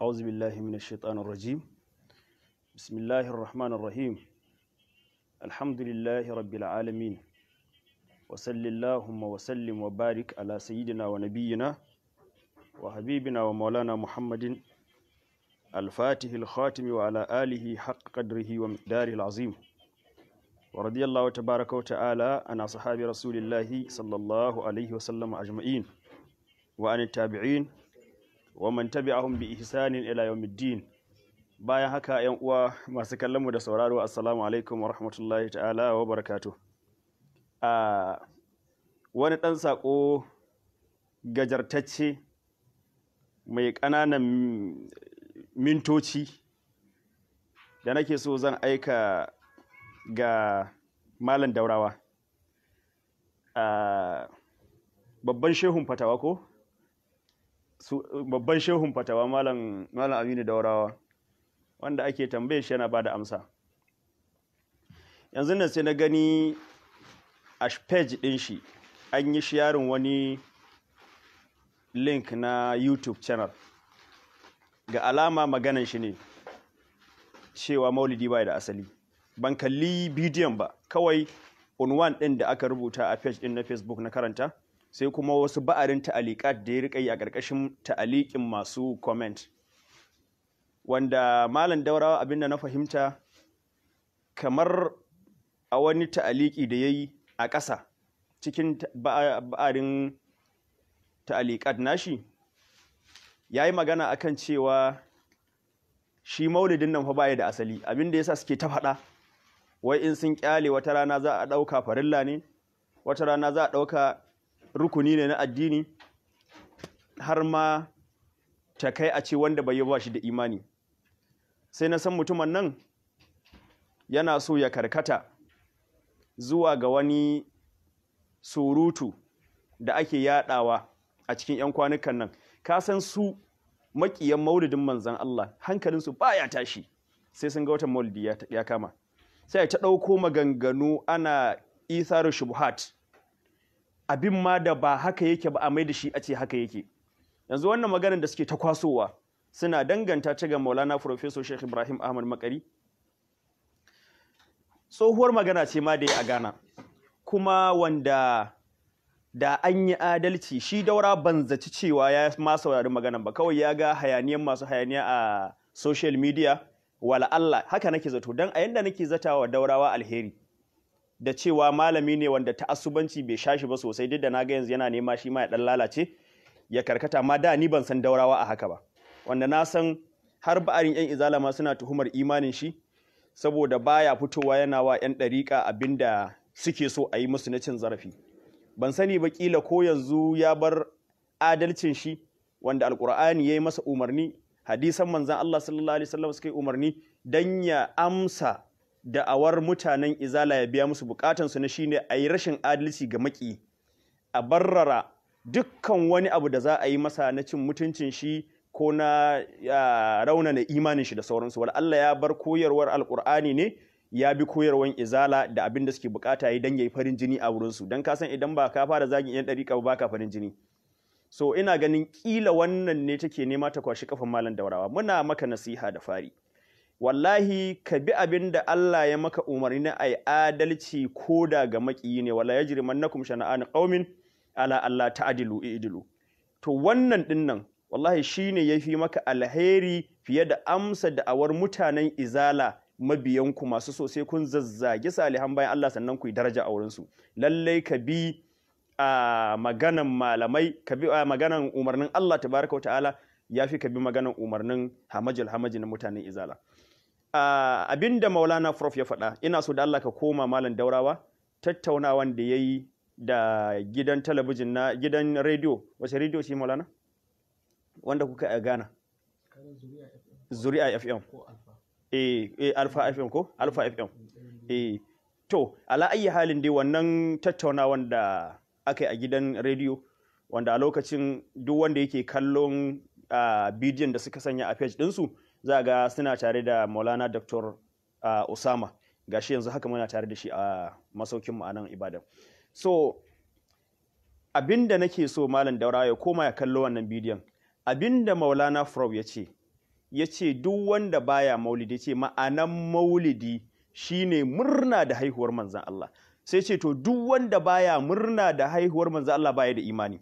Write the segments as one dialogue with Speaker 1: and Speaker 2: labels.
Speaker 1: أعوذ بالله من الشيطان الرجيم بسم الله الرحمن الرحيم الحمد لله رب العالمين وصل اللهم وسلم وبارك على سيدنا ونبينا وحبيبنا ومولانا محمد الفاتح الخاتم وعلى آله حق قدره ومقداره العظيم ورضي الله تبارك وتعالى عن أصحاب رسول الله صلى الله عليه وسلم أجمعين وعن التابعين wa man tabi'ahum bi ihsanin ila yawmiddin bayan haka yan uwa masu kallon mu da sauraro assalamu alaikum wa rahmatullahi ta'ala wa barakatuh a wani dan sako gajartacce mai ƙananan mintoci da nake so zan aika ga malam daurawa a babban shehun fatawa ko babban shehun fatawa malam aminu daurawa wanda ake tambaye shi yana ba da amsa yanzu nan sai na gani a page din shi an yi shiyarin wani link na youtube channel ga alama maganan shi ne cewa maulidi bai da asali ban kalli bidiyon ba kawai unwan din da aka rubuta a page din na facebook na karanta sai kuma wasu ba'arin ta'alikat da ya rika yi a ƙarƙashin ta'alikin masu comment wanda malam daurawa abin da na fahimta kamar a wani ta'aliki da ya yi a ƙasa cikin ba'arin ta'aliƙat nashi ya yi magana akan cewa shi maulidin nan fa baya da asali abin da sa suke ta faɗa wai in sun ƙyale wata rana za a ɗauka farilla ne wata rana za a ɗauka rukuni ne na addini har ma ta kai a ce wanda bai ba shi da imani sai na san mutumin nan yana so ya karkata zuwa ga wani surutu da ake yadawa a cikin 'yan kwanukan nan ka san su makiyan maulidin manzan Allah hankalinsu ya tashi sai sun ga watan maulidi ya kama sai ta ɗauko maganganu ana isaru shubuhat abin ma da ba haka yake ba a mai da shi a ce haka yake yanzu wannan maganar da suke ta kwasowa suna danganta ta ga Maulana Professor Sheikh Ibrahim Ahmad Makari tsohuwar magana ce ma da ya a gana kuma wanda da an yi adalci shi daura ban zaci cewa ya ma saurari maganar ba kawai ya ga hayaniyan masu hayaniya a social media wala Allah haka nake zato dan a yanda nake zatawa daurawa alheri da cewa malami ne wanda ta asubanci bai shashi ba sosai duk da na ga yanzu yana nema shi ma ya dan lalace ya karkata ma da ni ban san daurawa a haka ba wanda na san har ba'arin yan izala ma suna tuhumar imanin shi saboda baya fitowa yana wa yan dariƙa abinda suke so a yi musu na cin zarafi ban sani ba kila ko yanzu ya bar adalcin shi wanda alkur'ani ya yi masa umarni hadisan manzan Allah sallallahu alaihi wasallam suka yi umarni dan ya amsa da'awar mutanen izala ya biya musu bukatansu na shine a yi rashin adalci ga maki a barrara dukkan wani abu da za a yi masa na cin mutuncin shi ko na raunana imanin shi da sauransu wal Allah ya bar koyarwar alkur'ani ne ya bi koyarwar izala da abin da suke bukata yi yayi farin jini a wurinsu dan ka san idan ba ka fara zagin yan dariƙa ba ka farin jini so ina ganin kila wannan ne take nema ta kwashi kafan malam daurawa muna maka nasiha da fari wallahi ka bi abin da Allah ya maka umarni na ai adalci ko da ga maƙiyi ne wala mannakum shana'an qaumin ala Allah ta'dilu i'dilu to wannan dinnan wallahi shine yafi maka alheri fiye da amsa da awar mutanen izala mabiyan ku masu so sai kun zazzage salihan bayan Allah sannan ku yi daraja a su lallai ka bi a ah, maganan malamai ka bi a ah, maganan umarnin Allah tabaraka wa ta'ala ya fi ka bi maganar umarnin hamajil hamajin na mutanen izala abinda maulana prof ya faɗa ina so da Allah ka koma malam daurawa tattaunawan da ya yi da gidan talabijin na gidan rediyo wace rediyo shi maulana wanda kuka a gana zuri'a fm e, alfa fm ko alfa fm e to ala ayi halin dai wannan tattaunawan da aka yi a gidan rediyo wanda a lokacin duk wanda yake kallon bidiyon da suka sanya a page ɗinsu za ga suna tare da maulana dr usama gashi yanzu haka muna tare da shi a masaukinmu a nan ibadan so abinda nake so malam daura ya koma ya kallo wannan bidiyon abinda maulana frau ya ce ya ce duk wanda baya maulidi ce ma'anan maulidi shine murna da haihuwar manzan Allah sai ce to duk wanda baya murna da haihuwar manzan Allah baya da imani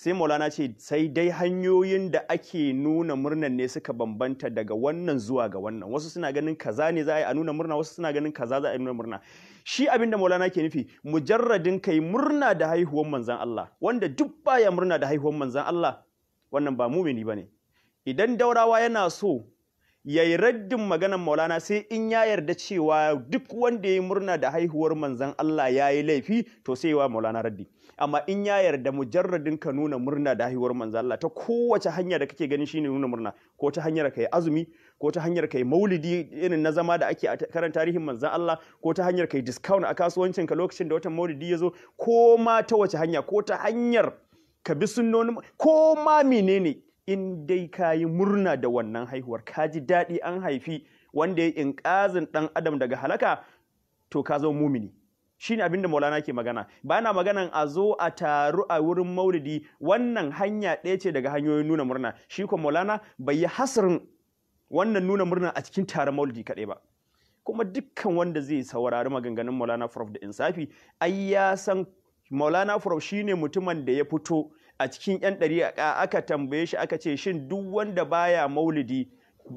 Speaker 1: sai maulana ce sai dai hanyoyin da ake nuna murnan ne suka bambanta daga wannan zuwa ga wannan wasu suna ganin kaza ne za a yi a nuna murna wasu suna ganin kaza za a yi nuna murna shi abin da maulana ke nufi mujarradin kai murna da haihuwan manzan Allah wanda duk baya murna da haihuwan manzan Allah wannan ba mumini bane idan daurawa yana so ya yi raddin maganan maulana sai in ya yarda cewa duk wanda ya yi murna da haihuwar manzan Allah ya yi laifi to sai wa maulana raddi amma in ya yarda mujarradin ka nuna murna da haihuwar manzo Allah ta kowace hanya da kake gani shine nuna murna ko ta hanyar kai azumi ko ta hanyar kai maulidi irin na zama da ake a karan tarihin manzo Allah ko ta hanyar kai discount a kasuwancin ka lokacin da watan maulidi ya zo ko ma ta wace hanya ko ta hanyar ka bi sunnonin ko ma menene in dai ka yi murna da wannan haihuwar ka ji daɗi an haifi wanda ya inƙazin ɗan adam daga halaka to ka zo mumini shine abinda Maulana ke magana ba yana maganan a zo a taru a wurin maulidi wannan hanya ɗaya ce daga hanyoyin nuna murna shi ko Maulana bai yi hasirin wannan nuna murna a cikin taron maulidi kaɗai ba kuma dukkan wanda zai saurari maganganun Maulana Prof da Insafi ai ya san Maulana Prof shine mutumin da ya fito a cikin 'yan ɗari aka tambaye shi aka ce shin duk wanda baya maulidi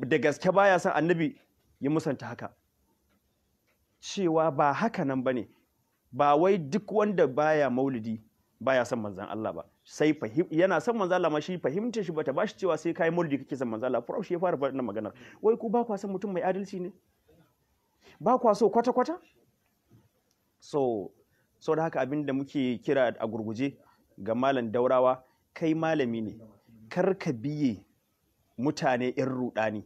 Speaker 1: da gaske baya son annabi ya musanta haka cewa ba haka nan ba ne. ba wai duk wanda baya maulidi baya son manzan Allah ba sai fahim yana son manzan Allah ma shi fahimta shi bata bashi cewa sai kai maulidi kake son manzan Allah fara shi ya fara faɗin magana. wai ku ba kwa son mutum mai adalci ne ba kwa so kwata kwata so so da haka abinda muke kira a gurguje ga malam daurawa kai malami ne kar ka biye mutane in rudani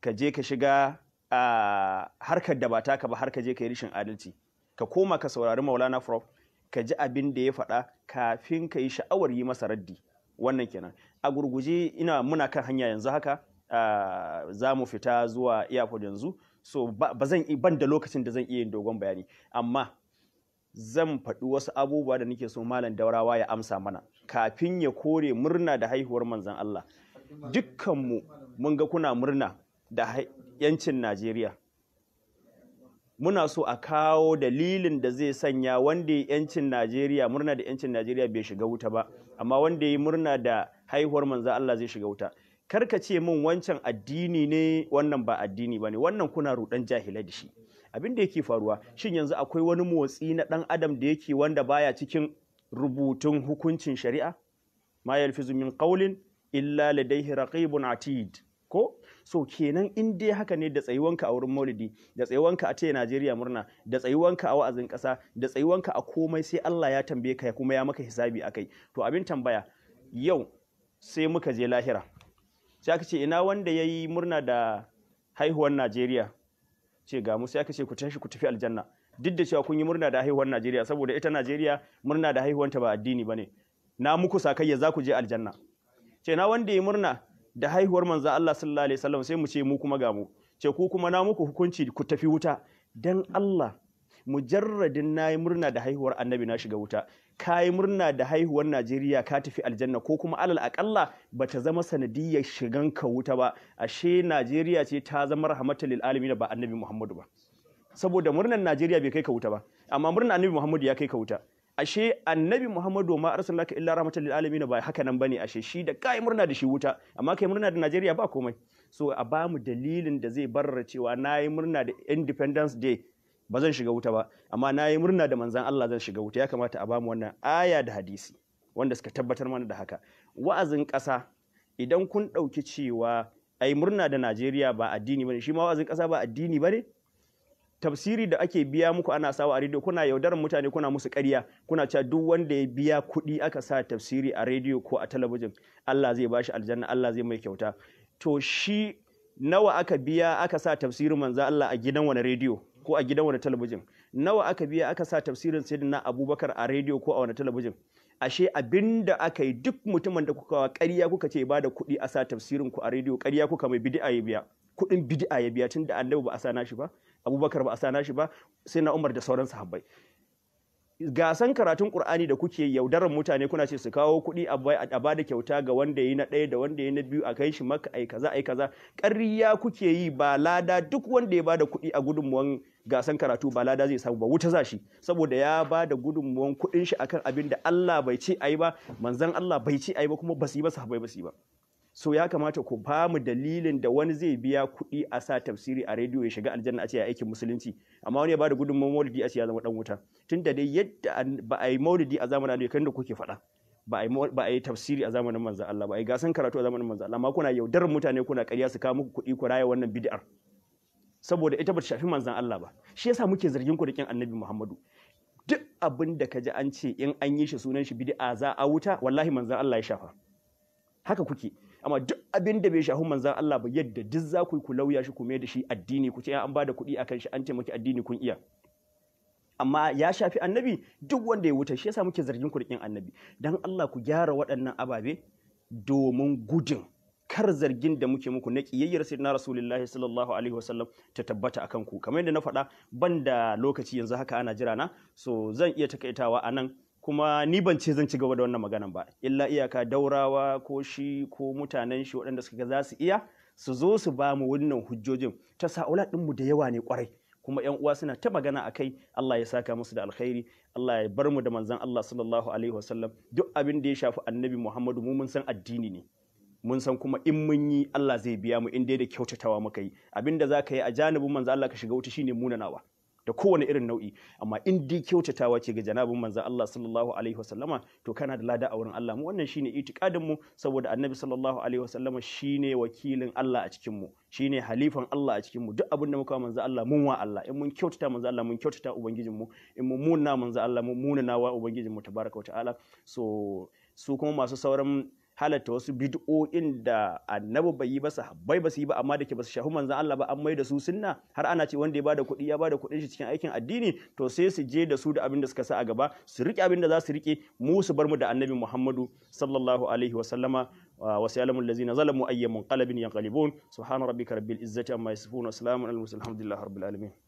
Speaker 1: ka je ka shiga a ah, harkar da ba taka ba har ka je ka yi rishin adalci ka koma ka saurari maulana prof ka ji abin da ya faɗa kafin ka yi sha'awar yi masa raddi wannan kenan a gurguje ina muna kan hanya yanzu haka za mu fita zuwa airport yanzu so ba zan ban da lokacin da zan iya yin dogon bayani amma zan faɗi wasu abubuwa da nake so malam daurawa ya amsa mana kafin ya kore murna da haihuwar manzan Allah dukkanmu mun ga kuna murna da yancin Najeriya muna so a kawo dalilin da zai sanya wanda ya yancin Najeriya murna da yancin Najeriya bai shiga wuta ba amma wanda ya murna da haihuwar manzo Allah zai shiga wuta karka ce min wancan addini ne wannan ba addini ne, wannan kuna rudan jahila da shi abin da yake faruwa shin yanzu akwai wani motsi na dan adam da yake wanda baya cikin rubutun hukuncin shari'a ma yalfizu min qawlin illa ladayhi raqibun atid ko so kenan in dai haka ne da tsayuwanka a wurin maulidi da tsayuwanka a taya najeriya murna da tsayuwanka a wa'azin kasa da tsayuwanka a komai sai allah ya tambaye ka kuma ya maka hisabi a kai to abin tambaya yau sai muka je lahira sai aka ce ina wanda ya yi murna da haihuwar najeriya ce ga musu aka ce ku tashi ku tafi aljanna duk da cewa kun yi murna da haihuwar najeriya saboda ita najeriya murna da haihuwanta ba addini ba ne na muku sakayya za ku je aljanna ce na wanda ya murna da haihuwar manzo Allah sallallahu alaihi wasallam sai mu ce mu kuma ga mu ce ku kuma na muku hukunci ku tafi wuta dan Allah mujarradin nayi murna da haihuwar annabi na shiga wuta kayi murna da haihuwar Najeriya ka tafi aljanna ko kuma alal akalla bata zama sanadiyar shigan ka wuta ba ashe Najeriya ce ta zama rahmatul lil alamin ba annabi Muhammadu ba saboda murnan Najeriya bai kai ka wuta ba amma murnan annabi Muhammadu ya kai ka wuta ashe annabi muhammadu ma arsalnaka illa rahmatan lil alamin ba haka nan bane ashe shi da kai murna da shi wuta amma kai murna da najeriya ba komai so a ba mu dalilin da zai barra cewa nayi murna da independence day ba zan shiga wuta ba amma nayi murna da manzan allah zan shiga wuta ya kamata a ba mu wannan aya da hadisi wanda suka tabbatar mana da haka wa'azin kasa idan kun ɗauki cewa ai murna da najeriya ba addini bane shi ma wa'azin kasa ba addini bane tafsiri da ake biya muku ana sawa a rediyo kuna yaudarar mutane kuna musu ƙarya kuna cewa duk wanda ya biya kuɗi aka sa tafsiri a rediyo ko a talabijin Allah zai bashi aljanna Allah zai mai kyauta to shi nawa aka biya aka sa tafsirin manzo Allah a gidan wani rediyo ko a gidan wani talabijin nawa aka biya aka sa tafsirin sayyidina Abubakar a rediyo ko a wani talabijin ashe abinda aka yi duk mutumin da kuka ƙarya kuka ce ba da kuɗi a sa tafsirin ku a rediyo ƙarya kuka mai bid'a ya biya kuɗin bid'a ya biya tunda annabi ba a sa nashi ba abubakar ba a sa shi ba sai na umar da sauran sahabbai gasan karatun qur'ani da kuke yaudarar mutane kuna ce su kawo kuɗi a ba da kyauta ga wanda yi na ɗaya da wanda yi na biyu a kai shi maka ai kaza ai kaza ƙarya kuke yi ba lada duk wanda ya ba da kuɗi a gudunmuwan gasan karatu ba lada zai samu ba wuta za shi saboda ya ba da gudunmuwan kuɗin shi akan abin da Allah bai ce ai ba manzon Allah bai ce ai ba kuma basu yi ba sahabai basu yi ba so ya kamata ku ba mu dalilin da wani zai biya kuɗi a sa tafsiri a rediyo ya shiga aljanna a ce ya aikin musulunci amma wani ya bada gudunmawar maulidi a ce ya zama dan wuta tunda dai yadda ba a yi maulidi a zamanin da kan da kuke faɗa ba a yi tafsiri a zamanin manzo Allah ba a yi gasan karatu a zamanin manzo Allah amma kuna yaudarar mutane kuna karya su kawo muku kuɗi ku raya wannan bid'ar saboda ita ba ta shafi manzan Allah ba shi yasa muke zargin ku da kin annabi Muhammadu duk abin da ka ji an ce in an yi shi sunan shi bid'a za a wuta wallahi manzan Allah ya shafa haka kuke amma duk abin da bai shafi manzan Allah ba yadda duk za ku yi ku lauya shi ku mai da shi addini ku ce an ba da kuɗi akan shi an taimaki addini kun iya amma ya shafi annabi duk wanda ya wuta shi yasa muke zargin ku da annabi dan Allah ku gyara waɗannan ababe domin gudun kar zargin da muke muku na kiyayyar na rasulullahi sallallahu alaihi wasallam ta tabbata akan ku kamar yadda na faɗa banda lokaci yanzu haka ana jira na so zan iya takaitawa anan kuma ni ban ce zan ci gaba da wannan maganan ba illa iyaka daurawa ko shi ko mutanen shi waɗanda suka za su iya su zo su ba mu wannan hujjojin ta sa'ula mu da yawa ne kwarai kuma yan uwa suna ta magana a kai Allah ya saka musu da alkhairi Allah ya bar mu da manzon Allah sallallahu alaihi wasallam duk abin da ya shafi annabi Muhammadu mu mun san addini ne mun san kuma in mun yi Allah zai biya mu in dai da kyautatawa muka yi abin da za ka yi a janibin manza, Allah ka shiga wuta shine munanawa da kowane irin nau'i amma in dai kyautatawa ce ga janabin manzon Allah sallallahu alaihi wasallama to kana da lada a wurin Allah mu wannan shine itikadin mu saboda annabi sallallahu alaihi wasallama shine wakilin Allah a cikin mu shine halifan Allah a cikin mu duk abin da muka manzon Allah mun wa Allah in mun kyautata manzon Allah mun kyautata ubangijin mu in mun muna manzon Allah mun muna wa ubangijin mu tabaraka wa ta'ala so su kuma masu sauran halatta wasu bid'o'in da annabi bai yi ba su sahabbai ba su yi ba amma da ke ba su shafi manzon Allah ba an mai da su sunna har ana ce wanda ya bada kuɗi ya bada kuɗin shi cikin aikin addini to sai su je da su da abin da suka sa a gaba su rike abin da za su riƙe mu su bar mu da annabi Muhammadu sallallahu alaihi wa sallama وسيعلم الذين ظلموا أي منقلب ينقلبون سبحان ربك rabbil izzati amma yasifun wa salamun المرسلين الحمد لله